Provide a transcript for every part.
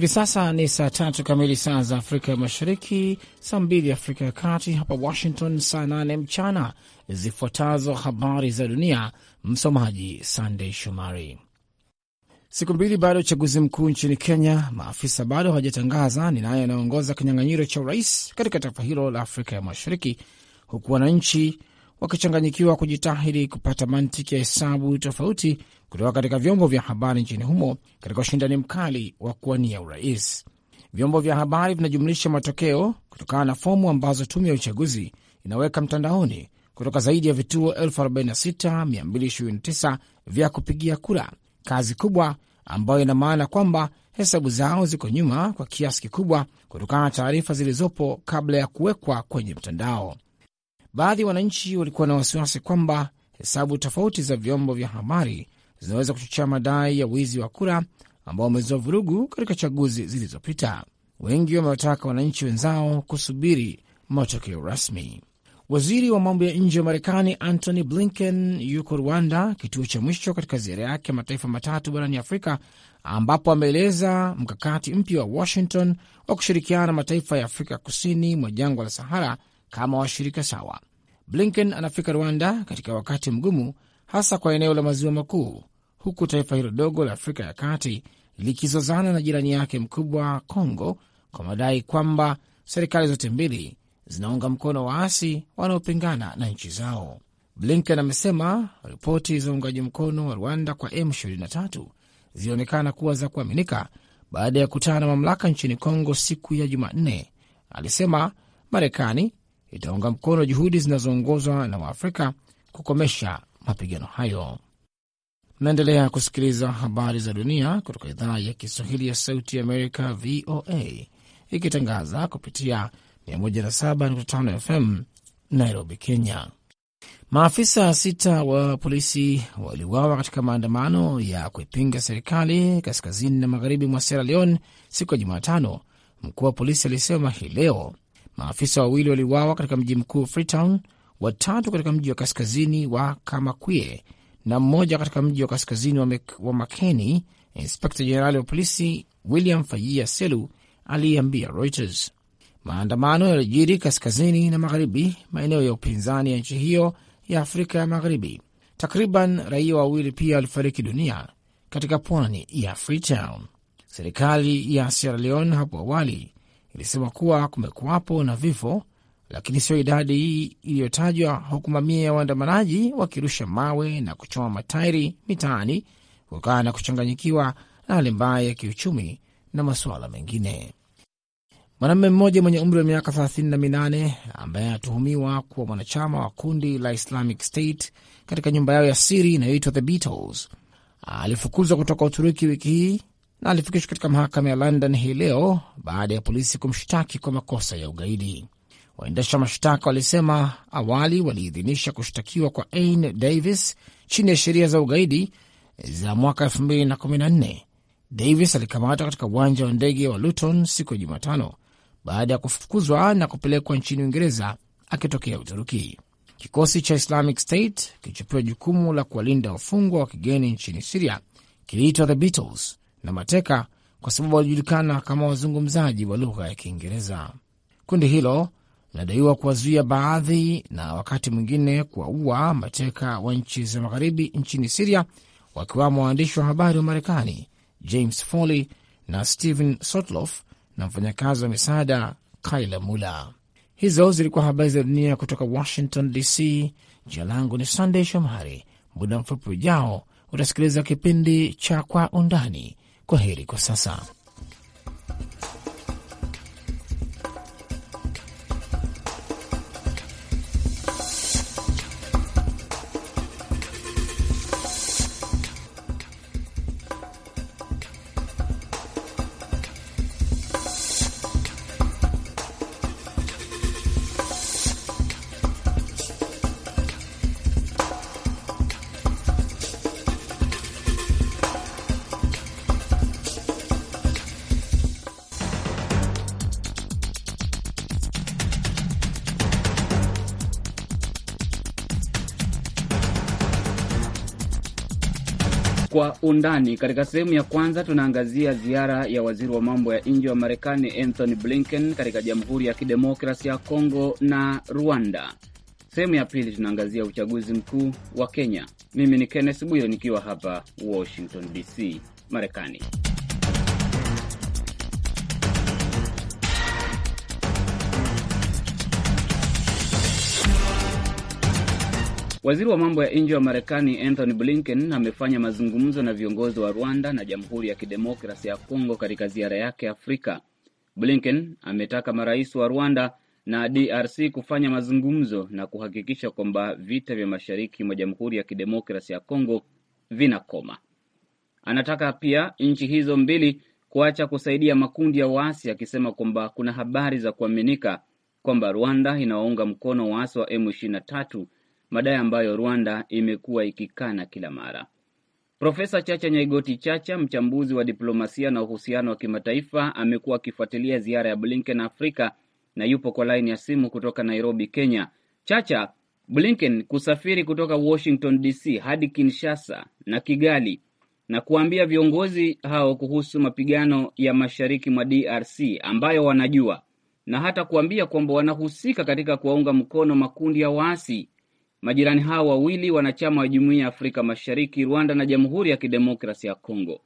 Hivi sasa ni saa tatu kamili saa za Afrika ya Mashariki, saa mbili Afrika ya Kati, hapa Washington saa nane mchana. Zifuatazo habari za dunia, msomaji Sandey Shomari. Siku mbili baada ya uchaguzi mkuu nchini Kenya, maafisa bado hawajatangaza ni naye anaongoza kinyang'anyiro cha urais katika taifa hilo la Afrika ya Mashariki, huku wananchi wakichanganyikiwa kujitahidi kupata mantiki ya hesabu tofauti kutoka katika vyombo vya habari nchini humo katika ushindani mkali wa kuwania urais. Vyombo vya habari vinajumlisha matokeo kutokana na fomu ambazo tume ya uchaguzi inaweka mtandaoni kutoka zaidi ya vituo 46229 vya kupigia kura, kazi kubwa ambayo ina maana kwamba hesabu zao ziko nyuma kwa kiasi kikubwa kutokana na taarifa zilizopo kabla ya kuwekwa kwenye mtandao baadhi ya wananchi walikuwa na wasiwasi kwamba hesabu tofauti za vyombo vya habari zinaweza kuchochea madai ya wizi wa kura ambao wamezua vurugu katika chaguzi zilizopita. Wengi wamewataka wananchi wenzao kusubiri matokeo rasmi. Waziri wa mambo ya nje wa Marekani Antony Blinken yuko Rwanda, kituo cha mwisho katika ziara yake mataifa matatu barani Afrika, ambapo ameeleza mkakati mpya wa Washington wa kushirikiana na mataifa ya Afrika kusini mwa jangwa la Sahara kama washirika sawa. Blinken anafika Rwanda katika wakati mgumu, hasa kwa eneo la maziwa makuu, huku taifa hilo dogo la Afrika ya kati likizozana na jirani yake mkubwa congo kwa madai kwamba serikali zote mbili zinaunga mkono waasi wanaopingana na nchi zao. Blinken amesema ripoti za uungaji mkono wa Rwanda kwa M23 zilionekana kuwa za kuaminika baada ya kutana na mamlaka nchini congo siku ya Jumanne. Alisema Marekani itaunga mkono juhudi zinazoongozwa na Waafrika kukomesha mapigano hayo. naendelea kusikiliza habari za dunia kutoka idhaa ya Kiswahili ya Sauti ya Amerika, VOA, ikitangaza kupitia 107.5 FM Nairobi, Kenya. Maafisa sita wa polisi waliuawa katika maandamano ya kuipinga serikali kaskazini na magharibi mwa Sierra Leone siku ya Jumatano, mkuu wa polisi alisema hii leo, Maafisa wawili waliuawa katika mji mkuu Freetown, watatu katika mji wa kaskazini wa Kamakwie na mmoja katika mji wa kaskazini wa, wa Makeni. Inspekta Jenerali wa polisi William Fayia Selu aliyeambia Reuters maandamano yalijiri kaskazini na magharibi, maeneo ya upinzani ya nchi hiyo ya Afrika ya Magharibi. Takriban raia wawili pia walifariki dunia katika pwani ya Freetown. Serikali ya Sierra Leone hapo awali ilisema kuwa kumekuwapo na vifo, lakini sio idadi hii iliyotajwa, huku mamia ya waandamanaji wakirusha mawe na kuchoma matairi mitaani kutokana na kuchanganyikiwa na hali mbaya ya kiuchumi na masuala mengine. Mwanamume mmoja mwenye umri wa miaka 38 ambaye anatuhumiwa kuwa mwanachama wa kundi la Islamic State katika nyumba yao ya siri inayoitwa The Beatles alifukuzwa kutoka Uturuki wiki hii na alifikishwa katika mahakama ya London hii leo baada ya polisi kumshtaki kwa makosa ya ugaidi. Waendesha mashtaka walisema awali waliidhinisha kushtakiwa kwa Ain Davis chini ya sheria za ugaidi za mwaka 2014. Davis alikamatwa katika uwanja wa ndege wa Luton siku ya Jumatano baada ya kufukuzwa na kupelekwa nchini Uingereza akitokea Uturuki. Kikosi cha Islamic State kilichopewa jukumu la kuwalinda wafungwa wa kigeni nchini Siria kiliitwa The Beatles na mateka kwa sababu walijulikana kama wazungumzaji wa lugha ya Kiingereza. Kundi hilo linadaiwa kuwazuia baadhi na wakati mwingine kuwaua mateka wa nchi za magharibi nchini Siria, wakiwamo waandishi wa habari wa Marekani James Foley na Stephen Sotloff na mfanyakazi wa misaada Kaila Mula. Hizo zilikuwa habari za dunia kutoka Washington DC. Jina langu ni Sandey Shomari. Muda mfupi ujao utasikiliza kipindi cha Kwa Undani kwa heri kwa sasa. Kwa undani, katika sehemu ya kwanza tunaangazia ziara ya waziri wa mambo ya nje wa Marekani Anthony Blinken katika Jamhuri ya Kidemokrasia ya Kongo na Rwanda. Sehemu ya pili tunaangazia uchaguzi mkuu wa Kenya. Mimi ni Kenneth Bwire nikiwa hapa Washington DC, Marekani. Waziri wa mambo ya nje wa Marekani Anthony Blinken amefanya mazungumzo na viongozi wa Rwanda na Jamhuri ya Kidemokrasi ya Kongo katika ziara yake Afrika. Blinken ametaka marais wa Rwanda na DRC kufanya mazungumzo na kuhakikisha kwamba vita vya mashariki mwa Jamhuri ya Kidemokrasi ya Kongo vinakoma. Anataka pia nchi hizo mbili kuacha kusaidia makundi ya waasi, akisema kwamba kuna habari za kuaminika kwamba Rwanda inawaunga mkono waasi wa M23 madai ambayo Rwanda imekuwa ikikana kila mara. Profesa Chacha Nyaigoti Chacha, mchambuzi wa diplomasia na uhusiano wa kimataifa, amekuwa akifuatilia ziara ya Blinken Afrika na yupo kwa laini ya simu kutoka Nairobi, Kenya. Chacha, Blinken kusafiri kutoka Washington DC hadi Kinshasa na Kigali na kuambia viongozi hao kuhusu mapigano ya mashariki mwa DRC ambayo wanajua na hata kuambia kwamba wanahusika katika kuwaunga mkono makundi ya waasi Majirani hao wawili wanachama wa Jumuiya ya Afrika Mashariki, Rwanda na Jamhuri ya Kidemokrasi ya Kongo,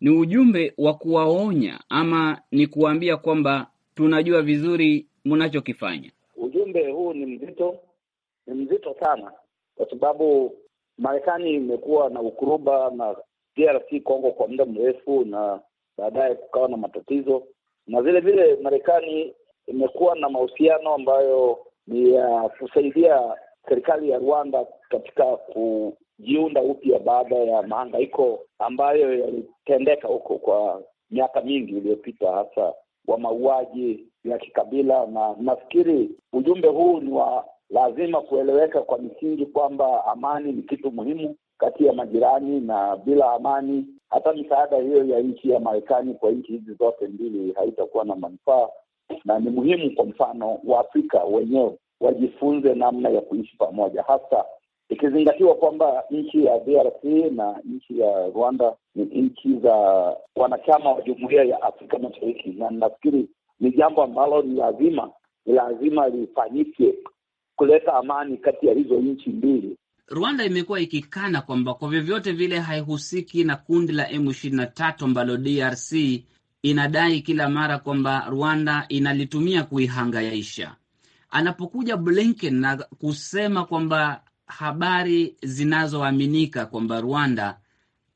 ni ujumbe wa kuwaonya ama ni kuwaambia kwamba tunajua vizuri mnachokifanya? Ujumbe huu ni mzito, ni mzito sana, kwa sababu Marekani imekuwa na ukuruba na DRC Kongo kwa muda mrefu, na baadaye kukawa na matatizo, na vile vile Marekani imekuwa na mahusiano ambayo ni ya uh, kusaidia serikali ya Rwanda katika kujiunda upya baada ya mahangaiko ambayo yalitendeka huko kwa miaka mingi iliyopita, hasa wa mauaji ya kikabila. Na nafikiri ujumbe huu ni wa lazima kueleweka kwa misingi kwamba amani ni kitu muhimu kati ya majirani, na bila amani hata misaada hiyo ya nchi ya Marekani kwa nchi hizi zote mbili haitakuwa na manufaa, na ni muhimu kwa mfano wa Afrika wenyewe wajifunze namna ya kuishi pamoja, hasa ikizingatiwa kwamba nchi ya DRC na nchi ya Rwanda ni nchi za wanachama wa Jumuiya ya Afrika Mashariki, na nafikiri ni jambo ambalo ni lazima ni lazima lifanyike kuleta amani kati ya hizo nchi mbili. Rwanda imekuwa ikikana kwamba kwa vyovyote vile haihusiki na kundi la M ishirini na tatu ambalo DRC inadai kila mara kwamba Rwanda inalitumia kuihangaisha anapokuja Blinken na kusema kwamba habari zinazoaminika kwamba Rwanda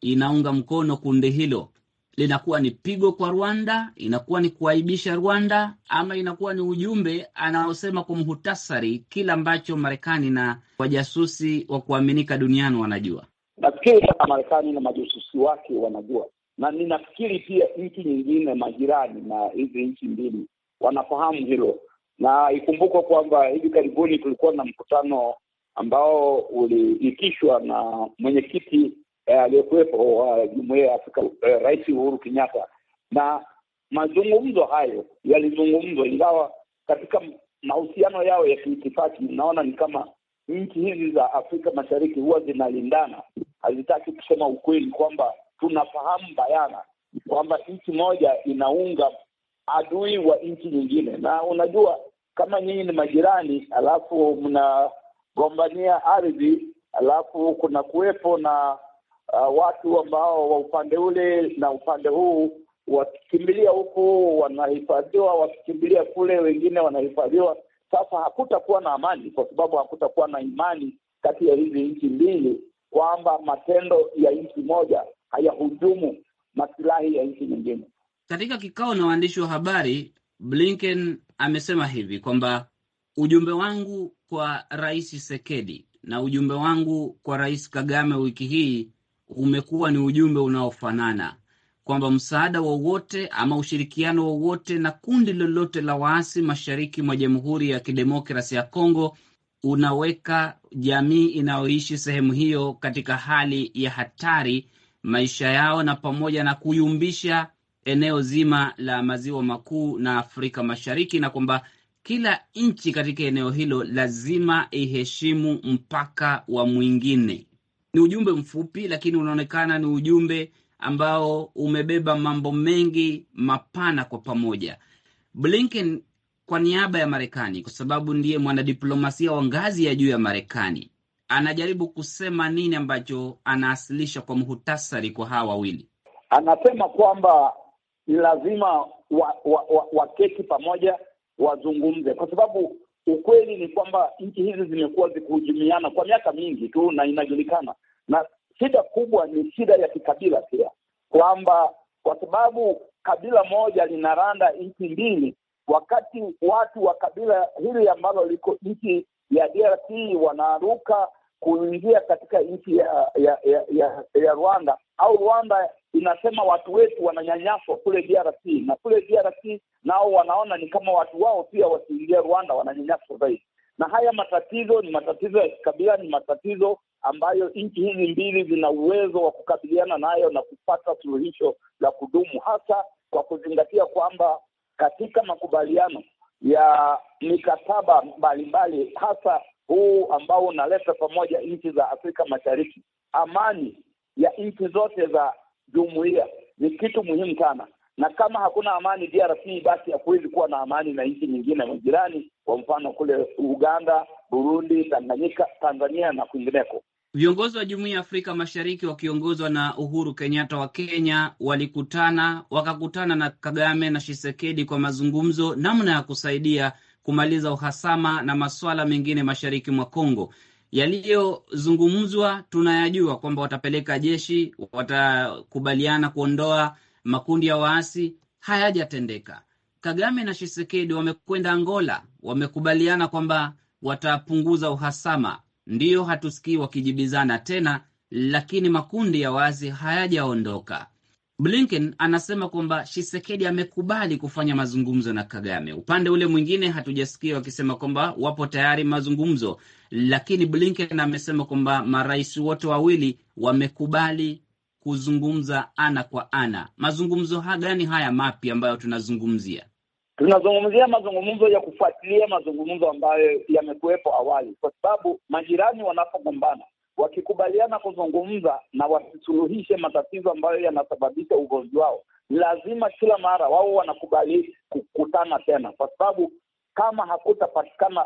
inaunga mkono kundi hilo linakuwa ni pigo kwa Rwanda, inakuwa ni kuaibisha Rwanda, ama inakuwa ni ujumbe anaosema kwa muhtasari kila ambacho Marekani na wajasusi wa kuaminika duniani wanajua. Nafikiri hata Marekani na majasusi wake wanajua, na ninafikiri pia nchi nyingine majirani na hizi nchi mbili wanafahamu hilo, na ikumbukwa kwamba hivi karibuni tulikuwa na mkutano ambao uliitishwa na mwenyekiti eh, aliyekuwepo wa jumuia ya Afrika, eh, Rais Uhuru Kenyatta, na mazungumzo hayo yalizungumzwa, ingawa katika mahusiano yao ya kiitifaki, naona ni kama nchi hizi za Afrika Mashariki huwa zinalindana, hazitaki kusema ukweli kwamba tunafahamu bayana kwamba nchi moja inaunga adui wa nchi nyingine. Na unajua kama nyinyi ni majirani, alafu mnagombania ardhi, alafu kuna kuwepo na uh, watu ambao wa upande ule na upande huu wakikimbilia huku wanahifadhiwa, wakikimbilia kule wengine wanahifadhiwa. Sasa hakutakuwa na amani, kwa sababu hakutakuwa na imani kati ya hizi nchi mbili, kwamba matendo ya nchi moja hayahujumu masilahi ya nchi nyingine. Katika kikao na waandishi wa habari, Blinken amesema hivi kwamba ujumbe wangu kwa Rais Sekedi na ujumbe wangu kwa Rais Kagame wiki hii umekuwa ni ujumbe unaofanana kwamba msaada wowote ama ushirikiano wowote na kundi lolote la waasi mashariki mwa Jamhuri ya Kidemokrasi ya Kongo unaweka jamii inayoishi sehemu hiyo katika hali ya hatari maisha yao, na pamoja na kuyumbisha eneo zima la maziwa makuu na Afrika Mashariki, na kwamba kila nchi katika eneo hilo lazima iheshimu mpaka wa mwingine. Ni ujumbe mfupi, lakini unaonekana ni ujumbe ambao umebeba mambo mengi mapana kwa pamoja. Blinken kwa niaba ya Marekani, kwa sababu ndiye mwanadiplomasia wa ngazi ya juu ya Marekani, anajaribu kusema nini ambacho anaasilisha kwa muhutasari kwa hawa wawili? Anasema kwamba ni lazima waketi wa, wa, wa pamoja wazungumze, kwa sababu ukweli ni kwamba nchi hizi zimekuwa zikihujumiana kwa miaka mingi tu, na inajulikana, na shida kubwa ni shida ya kikabila pia, kwamba kwa sababu kabila moja linaranda nchi mbili, wakati watu wa kabila hili ambalo liko nchi ya DRC wanaruka kuingia katika nchi ya ya, ya ya ya Rwanda au Rwanda inasema watu wetu wananyanyaswa kule DRC na kule DRC nao wanaona ni kama watu wao pia wasiingia Rwanda wananyanyaswa zaidi. Na haya matatizo ni matatizo ya kikabila, ni matatizo ambayo nchi hizi mbili zina uwezo wa kukabiliana nayo na kupata suluhisho la kudumu, hasa kwa kuzingatia kwamba katika makubaliano ya mikataba mbalimbali, hasa huu ambao unaleta pamoja nchi za Afrika Mashariki, amani ya nchi zote za jumuiya ni kitu muhimu sana, na kama hakuna amani DRC, basi hakuwezi kuwa na amani na nchi nyingine majirani, kwa mfano kule Uganda, Burundi, Tanganyika, Tanzania na kwingineko. Viongozi wa Jumuiya ya Afrika Mashariki wakiongozwa na Uhuru Kenyatta wa Kenya walikutana wakakutana na Kagame na shisekedi kwa mazungumzo namna ya kusaidia kumaliza uhasama na masuala mengine mashariki mwa Kongo. Yaliyozungumzwa tunayajua kwamba watapeleka jeshi, watakubaliana kuondoa makundi ya waasi, hayajatendeka. Kagame na Tshisekedi wamekwenda Angola, wamekubaliana kwamba watapunguza uhasama. Ndiyo, hatusikii wakijibizana tena, lakini makundi ya waasi hayajaondoka. Blinken anasema kwamba Shisekedi amekubali kufanya mazungumzo na Kagame. Upande ule mwingine hatujasikia wakisema kwamba wapo tayari mazungumzo, lakini Blinken amesema kwamba marais wote wawili wamekubali kuzungumza ana kwa ana. Mazungumzo gani haya mapya ambayo tunazungumzia? Tunazungumzia mazungumzo ya kufuatilia mazungumzo ambayo yamekuwepo awali, kwa sababu majirani wanapogombana wakikubaliana kuzungumza na wasisuluhishe matatizo ambayo yanasababisha ugonjwa wao, lazima kila mara wao wanakubali kukutana tena, kwa sababu kama hakutapatikana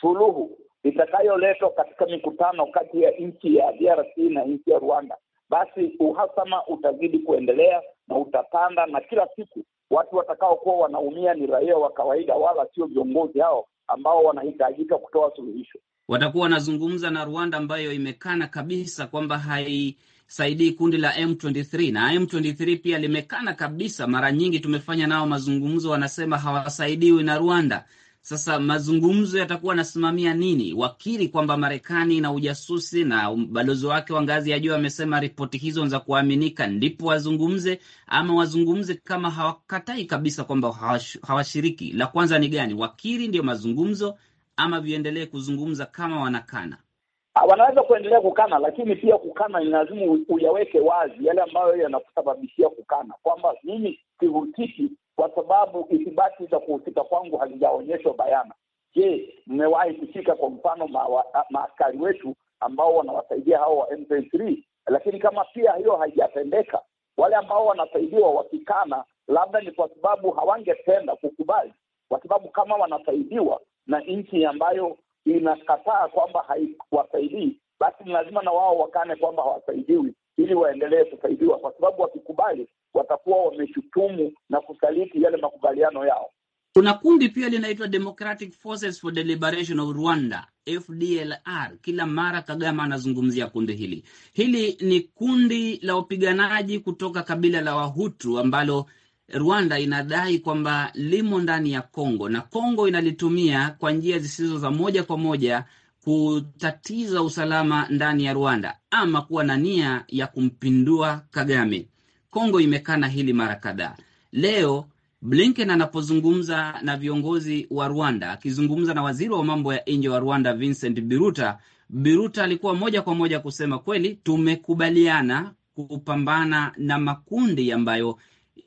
suluhu itakayoletwa katika mikutano kati ya nchi ya DRC na nchi ya Rwanda, basi uhasama utazidi kuendelea na utapanda, na kila siku watu watakaokuwa wanaumia ni raia wa kawaida, wala sio viongozi hao ambao wanahitajika kutoa suluhisho. Watakuwa wanazungumza na Rwanda ambayo imekana kabisa kwamba haisaidii kundi la M23, na M23 pia limekana kabisa. Mara nyingi tumefanya nao mazungumzo, wanasema hawasaidiwi na Rwanda. Sasa mazungumzo yatakuwa anasimamia nini? Wakiri kwamba Marekani na ujasusi na balozi wake wa ngazi ya juu amesema ripoti hizo za kuaminika, ndipo wazungumze ama wazungumze kama hawakatai kabisa kwamba hawashiriki? La kwanza ni gani, wakiri ndio mazungumzo ama viendelee kuzungumza kama wanakana? Ah, wanaweza kuendelea kukana, lakini pia kukana ni lazima uyaweke wazi yale ambayo yanakusababishia kukana, kwamba mimi sihusiki kwa sababu ithibati za kuhusika kwangu hazijaonyeshwa bayana. Je, mmewahi kufika kwa mfano maaskari wetu ambao wanawasaidia hao wa M23? Lakini kama pia hiyo haijatendeka, wale ambao wanasaidiwa wakikana, labda ni kwa sababu hawangependa kukubali, kwa sababu kama wanasaidiwa na nchi ambayo inakataa kwamba haiwasaidii, basi ni lazima na wao wakane kwamba hawasaidiwi ili waendelee kusaidiwa, kwa sababu wakikubali watakuwa wameshutumu na kusaliti yale makubaliano yao. Kuna kundi pia linaitwa Democratic Forces for the Liberation of Rwanda, FDLR. Kila mara Kagame anazungumzia kundi hili. Hili ni kundi la wapiganaji kutoka kabila la Wahutu ambalo Rwanda inadai kwamba limo ndani ya Kongo na Kongo inalitumia kwa njia zisizo za moja kwa moja kutatiza usalama ndani ya Rwanda ama kuwa na nia ya kumpindua Kagame. Kongo imekana hili mara kadhaa. Leo Blinken anapozungumza na viongozi wa Rwanda, akizungumza na waziri wa mambo ya nje wa Rwanda Vincent Biruta, Biruta alikuwa moja kwa moja kusema kweli, tumekubaliana kupambana na makundi ambayo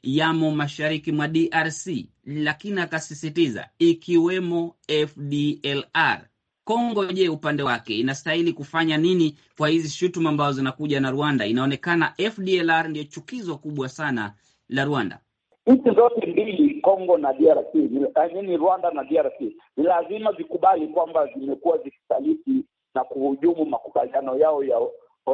yamo mashariki mwa DRC, lakini akasisitiza ikiwemo FDLR Kongo je, upande wake inastahili kufanya nini kwa hizi shutuma ambazo zinakuja na Rwanda? Inaonekana FDLR ndiyo chukizo kubwa sana la Rwanda. Nchi zote mbili, Kongo na DRC, nini, eh, Rwanda na DRC, ni lazima zikubali kwamba zimekuwa zikisaliti na kuhujumu makubaliano yao ya uh, uh,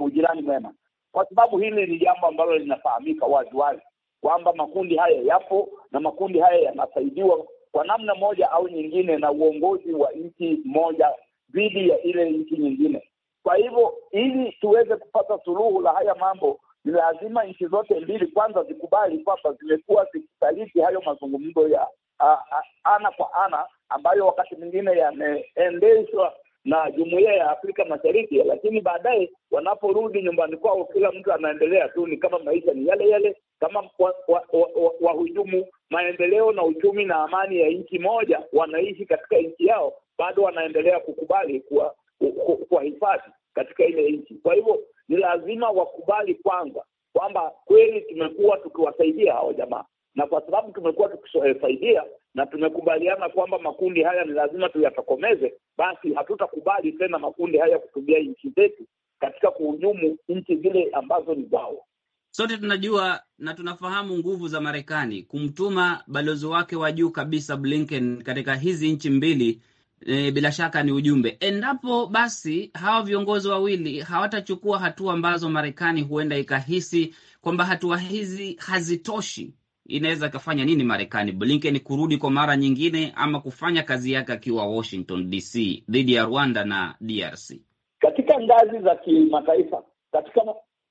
uh, ujirani mwema, kwa sababu hili ni jambo ambalo linafahamika waziwazi kwamba makundi haya yapo na makundi haya yanasaidiwa kwa namna moja au nyingine na uongozi wa nchi moja dhidi ya ile nchi nyingine. Kwa hivyo, ili tuweze kupata suluhu la haya mambo, ni lazima nchi zote mbili kwanza zikubali kwamba zimekuwa zikisaliti hayo mazungumzo ya a, a, ana kwa ana ambayo wakati mwingine yameendeshwa na jumuiya ya Afrika Mashariki, lakini baadaye wanaporudi nyumbani kwao, kila mtu anaendelea tu, ni kama maisha ni yale yale, kama wahujumu wa, wa, wa maendeleo na uchumi na amani ya nchi moja wanaishi katika nchi yao, bado wanaendelea kukubali kuwa kwa hifadhi katika ile nchi. Kwa hivyo ni lazima wakubali kwanza kwamba kweli tumekuwa tukiwasaidia hao jamaa, na kwa sababu tumekuwa tukiwasaidia na tumekubaliana kwamba makundi haya ni lazima tuyatokomeze, basi hatutakubali tena makundi haya kutumia nchi zetu katika kuhujumu nchi zile ambazo ni zao. Sote tunajua na tunafahamu nguvu za Marekani kumtuma balozi wake wa juu kabisa Blinken katika hizi nchi mbili. E, bila shaka ni ujumbe. Endapo basi hawa viongozi wawili hawatachukua hatua ambazo Marekani huenda ikahisi kwamba hatua hizi hazitoshi, inaweza ikafanya nini Marekani? Blinken kurudi kwa mara nyingine ama kufanya kazi yake akiwa Washington DC dhidi ya Rwanda na DRC katika ngazi za kimataifa katika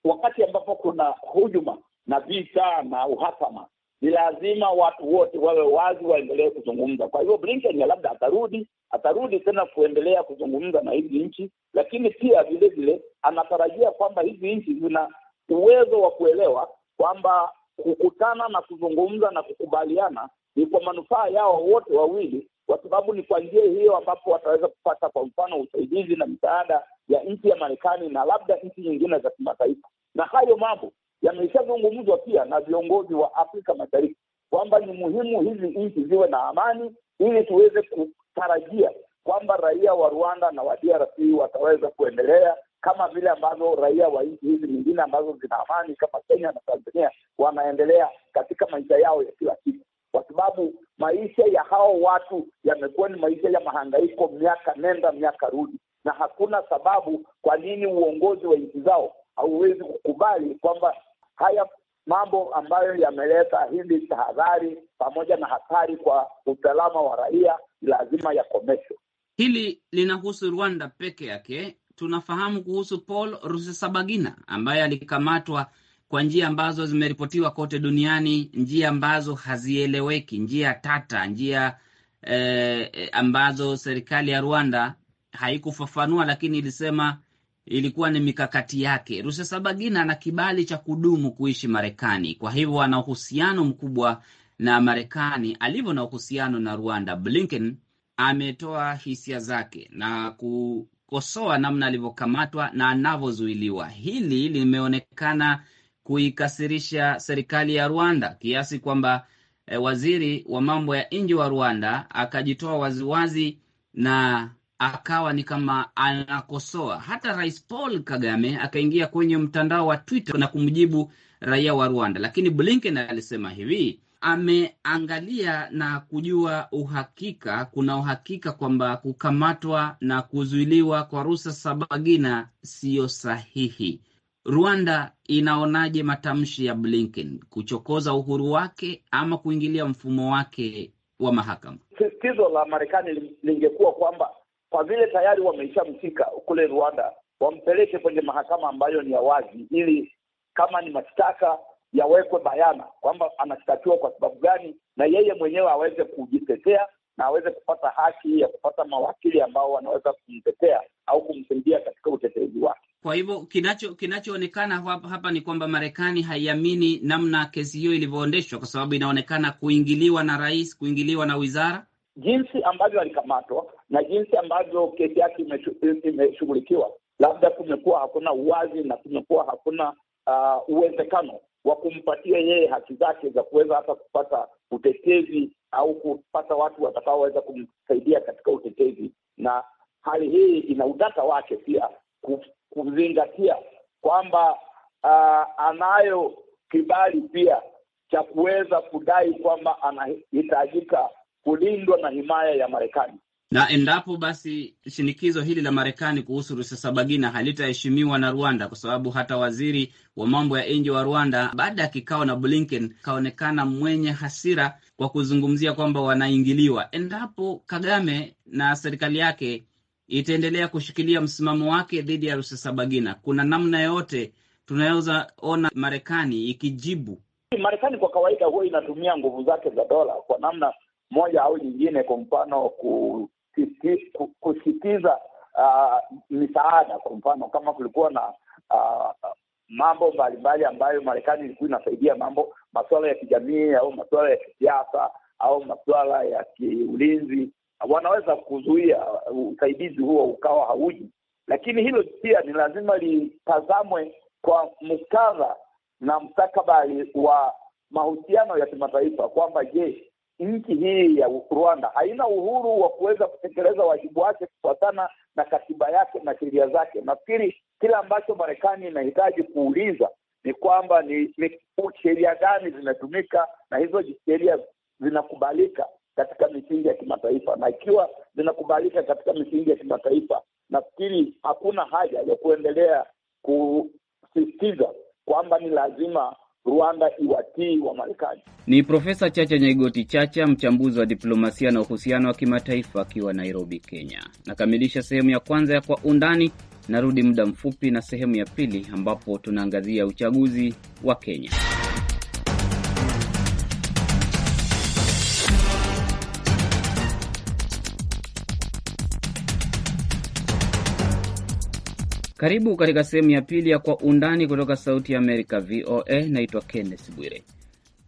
wakati ambapo kuna hujuma na vita na uhasama, ni lazima watu wote wawe wazi, waendelee kuzungumza. Kwa hivyo Blinken labda atarudi atarudi tena kuendelea kuzungumza na hizi nchi, lakini pia vile vile anatarajia kwamba hizi nchi zina uwezo wa kuelewa kwamba kukutana na kuzungumza na kukubaliana ni kwa manufaa yao wote wawili, kwa sababu ni kwa njia hiyo ambapo wataweza kupata kwa mfano usaidizi na misaada ya nchi ya Marekani na labda nchi nyingine za kimataifa na hayo mambo yameshazungumzwa pia na viongozi wa Afrika Mashariki kwamba ni muhimu hizi nchi ziwe na amani ili tuweze kutarajia kwamba raia wa Rwanda na wa DRC wataweza kuendelea kama vile ambavyo raia wa nchi hizi nyingine ambazo zina amani kama Kenya na Tanzania wanaendelea katika maisha yao ya kila siku, kwa sababu maisha ya hao watu yamekuwa ni maisha ya mahangaiko, miaka nenda miaka rudi, na hakuna sababu kwa nini uongozi wa nchi zao hauwezi kukubali kwamba haya mambo ambayo yameleta hili tahadhari pamoja na hatari kwa usalama wa raia lazima yakomeshwe. Hili linahusu Rwanda peke yake. Tunafahamu kuhusu Paul Rusesabagina ambaye alikamatwa kwa njia ambazo zimeripotiwa kote duniani, njia ambazo hazieleweki, njia tata, njia eh, eh ambazo serikali ya Rwanda haikufafanua, lakini ilisema ilikuwa ni mikakati yake. Rusesabagina ana kibali cha kudumu kuishi Marekani, kwa hivyo ana uhusiano mkubwa na Marekani alivyo na uhusiano na Rwanda. Blinken ametoa hisia zake na kukosoa namna alivyokamatwa na anavyozuiliwa. Hili limeonekana kuikasirisha serikali ya Rwanda kiasi kwamba eh, waziri wa mambo ya nje wa Rwanda akajitoa waziwazi na akawa ni kama anakosoa. Hata Rais Paul Kagame akaingia kwenye mtandao wa Twitter na kumjibu raia wa Rwanda, lakini Blinken alisema hivi ameangalia na kujua uhakika, kuna uhakika kwamba kukamatwa na kuzuiliwa kwa Rusa Sabagina siyo sahihi. Rwanda inaonaje matamshi ya Blinken kuchokoza uhuru wake ama kuingilia mfumo wake wa mahakama? Sisitizo la Marekani lingekuwa kwamba kwa vile tayari wameishamshika kule Rwanda, wampeleke kwenye mahakama ambayo ni ya wazi, ili kama ni mashtaka yawekwe bayana kwamba anashtakiwa kwa sababu gani, na yeye mwenyewe aweze kujitetea na aweze kupata haki ya kupata mawakili ambao wanaweza kumtetea au kumsaidia katika utetezi wake. Kwa hivyo kinacho kinachoonekana hapa, hapa ni kwamba Marekani haiamini namna kesi hiyo ilivyoondeshwa, kwa sababu inaonekana kuingiliwa na rais, kuingiliwa na wizara jinsi ambavyo alikamatwa na jinsi ambavyo kesi yake imeshughulikiwa, labda kumekuwa hakuna uwazi na kumekuwa hakuna uh, uwezekano wa kumpatia yeye haki zake za kuweza hata kupata utetezi au kupata watu watakaoweza kumsaidia katika utetezi, na hali hii ina utata wake pia, kuzingatia kwamba uh, anayo kibali pia cha kuweza kudai kwamba anahitajika kulindwa na himaya ya Marekani. Na endapo basi shinikizo hili la Marekani kuhusu Rusesabagina halitaheshimiwa na Rwanda, kwa sababu hata waziri wa mambo ya nje wa Rwanda baada ya kikao na Blinken kaonekana mwenye hasira kwa kuzungumzia kwamba wanaingiliwa. Endapo Kagame na serikali yake itaendelea kushikilia msimamo wake dhidi ya Rusesabagina, kuna namna yoyote tunaweza ona Marekani ikijibu? Marekani kwa kawaida huwa inatumia nguvu zake za dola kwa namna moja au nyingine, kwa mfano kusitiza uh, misaada. Kwa mfano kama kulikuwa na uh, mambo mbalimbali ambayo Marekani ilikuwa inasaidia mambo masuala ya kijamii au masuala ya kisiasa au masuala ya kiulinzi, wanaweza kuzuia usaidizi huo ukawa hauji, lakini hilo pia ni lazima litazamwe kwa muktadha na mstakabali wa mahusiano ya kimataifa kwamba je, nchi hii ya Rwanda haina uhuru wa kuweza kutekeleza wajibu wake kufuatana na katiba yake na sheria zake. Nafikiri kile ambacho Marekani inahitaji kuuliza ni kwamba ni, ni sheria gani zinatumika na hizo sheria zinakubalika katika misingi ya kimataifa, na ikiwa zinakubalika katika misingi ya kimataifa, nafikiri hakuna haja ya kuendelea kusisitiza kwamba ni lazima Rwanda iwatii wa Marekani. Ni Profesa Chacha Nyaigoti Chacha, mchambuzi wa diplomasia na uhusiano wa kimataifa akiwa Nairobi, Kenya. Nakamilisha sehemu ya kwanza ya Kwa Undani. Narudi muda mfupi na sehemu ya pili ambapo tunaangazia uchaguzi wa Kenya. Karibu katika sehemu ya pili ya Kwa Undani kutoka Sauti ya Amerika, VOA. Naitwa Kenneth Bwire.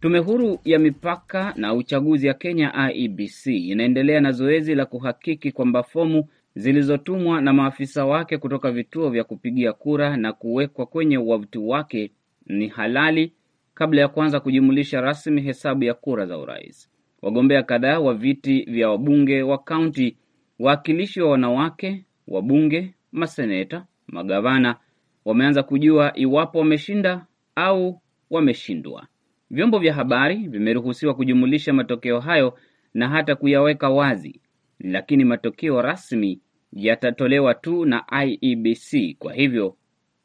Tume huru ya mipaka na uchaguzi ya Kenya, IEBC, inaendelea na zoezi la kuhakiki kwamba fomu zilizotumwa na maafisa wake kutoka vituo vya kupigia kura na kuwekwa kwenye wavuti wake ni halali kabla ya kuanza kujumulisha rasmi hesabu ya kura za urais. Wagombea kadhaa wa viti vya wabunge wa kaunti, wawakilishi wa wanawake, wabunge, maseneta Magavana wameanza kujua iwapo wameshinda au wameshindwa. Vyombo vya habari vimeruhusiwa kujumulisha matokeo hayo na hata kuyaweka wazi, lakini matokeo rasmi yatatolewa tu na IEBC. Kwa hivyo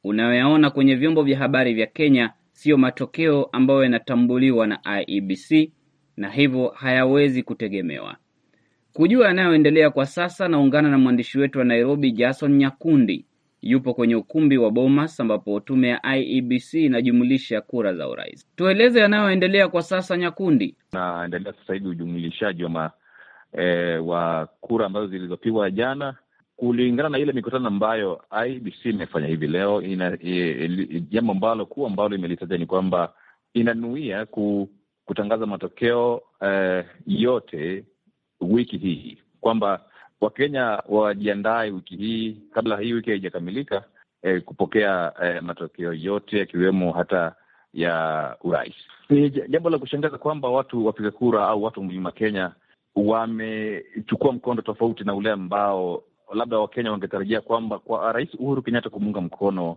unayoyaona kwenye vyombo vya habari vya Kenya siyo matokeo ambayo yanatambuliwa na IEBC na hivyo hayawezi kutegemewa. Kujua yanayoendelea kwa sasa, naungana na mwandishi wetu wa Nairobi, Jason Nyakundi, yupo kwenye ukumbi wa Bomas ambapo tume ya IEBC inajumulisha kura za urais. Tueleze yanayoendelea kwa sasa, Nyakundi. Naendelea sasa hivi ujumulishaji wa ma, e, wa kura ambazo zilizopigwa jana kulingana na ile mikutano ambayo IBC e imefanya hivi leo. Jambo ambalo kuu ambalo imelitaja ni kwamba inanuia ku, kutangaza matokeo e, yote wiki hii, kwamba Wakenya wajiandae wiki hii, kabla hii wiki haijakamilika, eh, kupokea eh, matokeo yote yakiwemo hata ya urais. Ni jambo la kushangaza kwamba watu wapiga kura au watu mlima Kenya wamechukua mkondo tofauti na ule ambao labda Wakenya wangetarajia kwamba kwa Rais Uhuru Kenyatta kumuunga mkono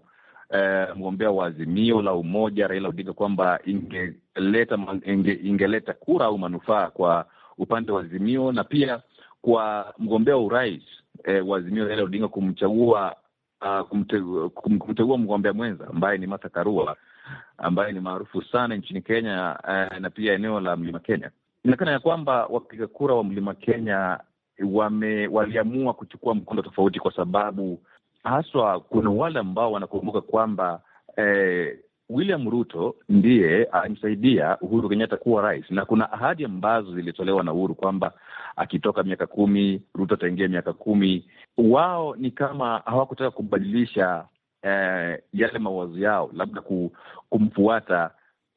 eh, mgombea wa Azimio la Umoja Raila Odinga kwamba ingeleta inge, ingeleta kura au manufaa kwa upande wa Azimio na pia kwa mgombea wa urais eh, wa Azimio Raila Odinga kumchagua uh, ah, kumte, mgombea mwenza ambaye ni Martha Karua ambaye ni maarufu sana nchini Kenya eh, na pia eneo la Mlima Kenya. Inaonekana ya kwamba wapiga kura wa Mlima Kenya wame, waliamua kuchukua mkondo tofauti, kwa sababu haswa kuna wale ambao wanakumbuka kwamba eh, William Ruto ndiye alimsaidia Uhuru Kenyatta kuwa rais, na kuna ahadi ambazo zilitolewa na Uhuru kwamba akitoka miaka kumi Ruto ataingia miaka kumi. Wao ni kama hawakutaka kubadilisha eh, yale mawazo yao, labda kumfuata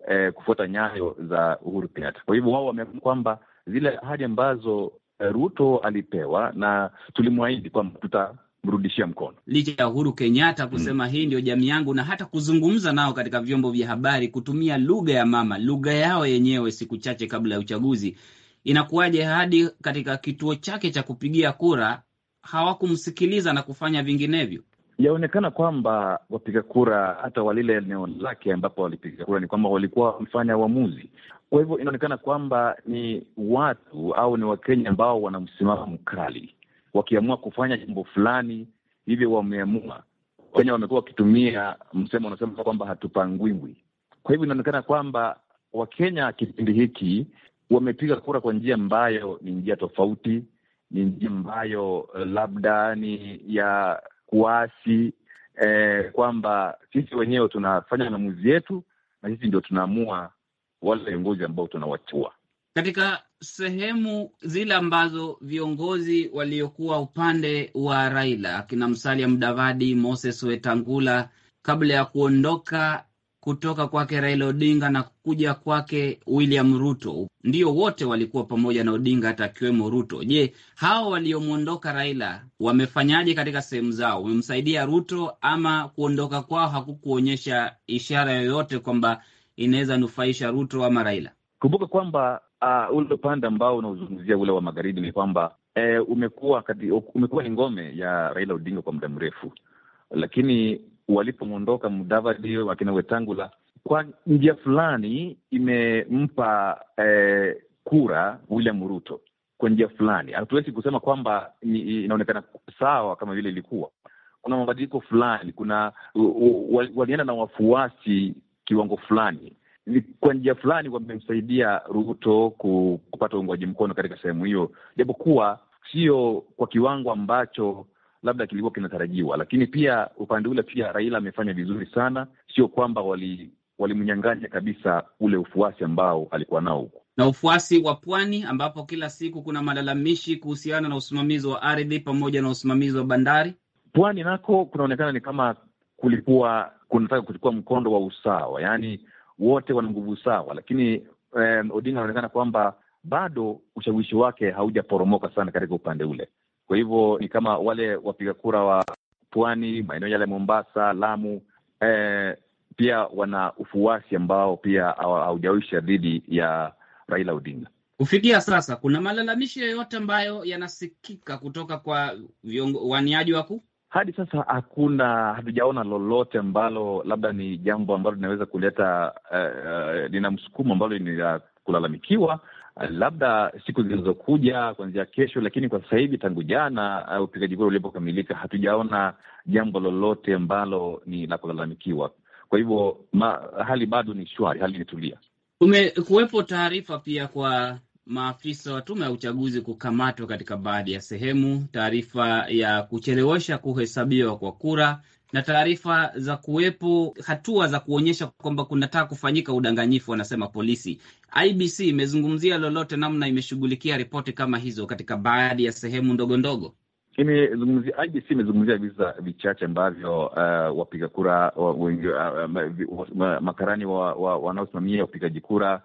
eh, kufuata nyayo za Uhuru Kenyatta. Kwa hivyo wao wameamua kwamba zile ahadi ambazo eh, Ruto alipewa na tulimwahidi kwamba tuta kumrudishia mkono, licha ya Uhuru Kenyatta hmm. kusema mm, hii ndio jamii yangu, na hata kuzungumza nao katika vyombo vya habari kutumia lugha ya mama, lugha yao yenyewe, siku chache kabla ya uchaguzi. Inakuwaje hadi katika kituo chake cha kupigia kura hawakumsikiliza na kufanya vinginevyo? Yaonekana kwamba wapiga kura hata walile eneo lake ambapo walipiga kura ni kwamba walikuwa wamefanya uamuzi. Kwa hivyo inaonekana kwamba ni watu au ni Wakenya ambao wana msimamo mkali wakiamua kufanya jambo fulani, hivyo wameamua. Wakenya wamekuwa wakitumia msemo unasema kwamba hatupangwingwi. Kwa hivyo inaonekana kwamba Wakenya kipindi hiki wamepiga kura kwa njia ambayo ni njia tofauti, ni njia ambayo eh, labda ni ya kuasi eh, kwamba sisi wenyewe tunafanya maamuzi yetu na sisi ndio tunaamua wale viongozi ambao tunawachua. Katika sehemu zile ambazo viongozi waliokuwa upande wa Raila akina Musalia Mudavadi, Moses Wetangula kabla ya kuondoka kutoka kwake Raila Odinga na kuja kwake William Ruto, ndio wote walikuwa pamoja na Odinga, hata akiwemo Ruto. Je, hao waliomwondoka Raila wamefanyaje katika sehemu zao? Wamemsaidia Ruto ama kuondoka kwao hakukuonyesha ishara yoyote kwamba inaweza nufaisha Ruto ama Raila? Kumbuka kwamba uh, ule upande ambao unaozungumzia ule wa magharibi ni kwamba eh, umekuwa kati, umekuwa ni ngome ya Raila Odinga kwa muda mrefu, lakini walipomwondoka Mudavadi wakina Wetangula kwa njia fulani imempa eh, kura William Ruto kwa njia fulani. Hatuwezi kusema kwamba inaonekana sawa kama vile ilikuwa. Kuna mabadiliko fulani, kuna walienda na wafuasi kiwango fulani kwa njia fulani wamemsaidia Ruto kupata uungwaji mkono katika sehemu hiyo, japo kuwa sio kwa kiwango ambacho labda kilikuwa kinatarajiwa, lakini pia upande ule pia Raila amefanya vizuri sana, sio kwamba wali walimnyang'anya kabisa ule ufuasi ambao alikuwa nao huko na ufuasi wa pwani ambapo kila siku kuna malalamishi kuhusiana na usimamizi wa ardhi pamoja na usimamizi wa bandari. Pwani nako kunaonekana ni kama kulikuwa kunataka kuchukua mkondo wa usawa, yaani wote wana nguvu sawa, lakini um, Odinga anaonekana kwamba bado ushawishi wake haujaporomoka sana katika upande ule. Kwa hivyo ni kama wale wapiga kura wa pwani, maeneo yale Mombasa, Lamu, eh, pia wana ufuasi ambao pia haujawisha dhidi ya Raila Odinga. Kufikia sasa, kuna malalamishi yoyote ambayo yanasikika kutoka kwa waniaji wakuu? hadi sasa hakuna, hatujaona lolote ambalo labda ni jambo ambalo linaweza kuleta eh, eh, lina uh, uh, msukumo ambalo ni la kulalamikiwa uh, labda siku zilizokuja kuanzia kesho, lakini kwa sasa hivi tangu jana uh, upigaji kura ulipokamilika, hatujaona jambo lolote ambalo ni la kulalamikiwa. Kwa hivyo hali bado ni shwari, hali tulia. Kumekuwepo taarifa pia kwa maafisa wa tume ya uchaguzi kukamatwa katika baadhi ya sehemu, taarifa ya kuchelewesha kuhesabiwa kwa kura na taarifa za kuwepo hatua za kuonyesha kwamba kunataka kufanyika udanganyifu, wanasema polisi. IBC imezungumzia lolote namna imeshughulikia ripoti kama hizo katika baadhi ya sehemu ndogo ndogo? imezungumzia IBC imezungumzia visa vichache ambavyo uh, wapiga kura wengi uh, makarani wanaosimamia wa, wapigaji kura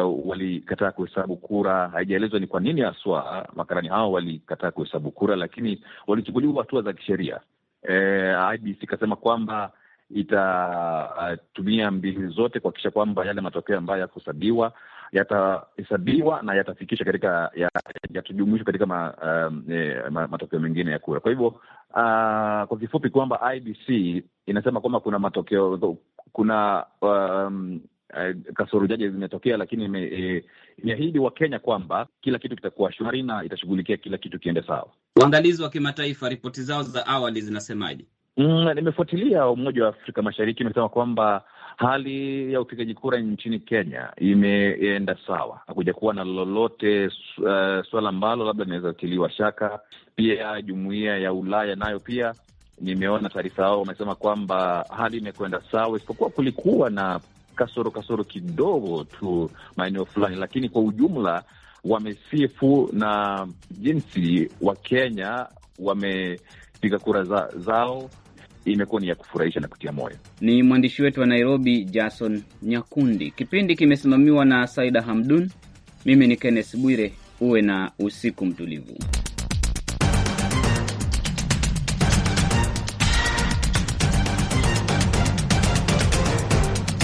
uh, walikataa kuhesabu kura. Haijaelezwa ni kwa nini haswa makarani hao walikataa kuhesabu kura, lakini walichukuliwa hatua za kisheria. Uh, IBC ikasema kwamba itatumia uh, mbinu zote kuhakikisha kwamba yale matokeo ambayo yakuhesabiwa yatahesabiwa na yatafikisha katika yatajumuishwa katika ma, um, e, ma, matokeo mengine ya kura. Kwa hivyo uh, kwa kifupi kwamba IBC inasema kwamba kuna matokeo kuna um, eh, kasoro jaji zimetokea, lakini e, imeahidi e, Wakenya kwamba kila kitu kitakuwa shwari na itashughulikia kila kitu kiende sawa. Uangalizi wa kimataifa, ripoti zao za awali zinasemaje? Mm, nimefuatilia Umoja wa Afrika Mashariki imesema kwamba hali ya upigaji kura nchini Kenya imeenda sawa, hakuja kuwa na lolote uh, suala ambalo labda linaweza tiliwa shaka. Pia jumuiya ya Ulaya nayo pia nimeona taarifa yao, wamesema kwamba hali imekwenda sawa, isipokuwa kulikuwa na kasoro kasoro kidogo tu maeneo fulani, lakini kwa ujumla wamesifu na jinsi Wakenya wamepiga kura za, zao imekuwa ni ya kufurahisha na kutia moyo. Ni mwandishi wetu wa Nairobi, Jason Nyakundi. Kipindi kimesimamiwa na Saida Hamdun. Mimi ni Kenneth Bwire. Uwe na usiku mtulivu.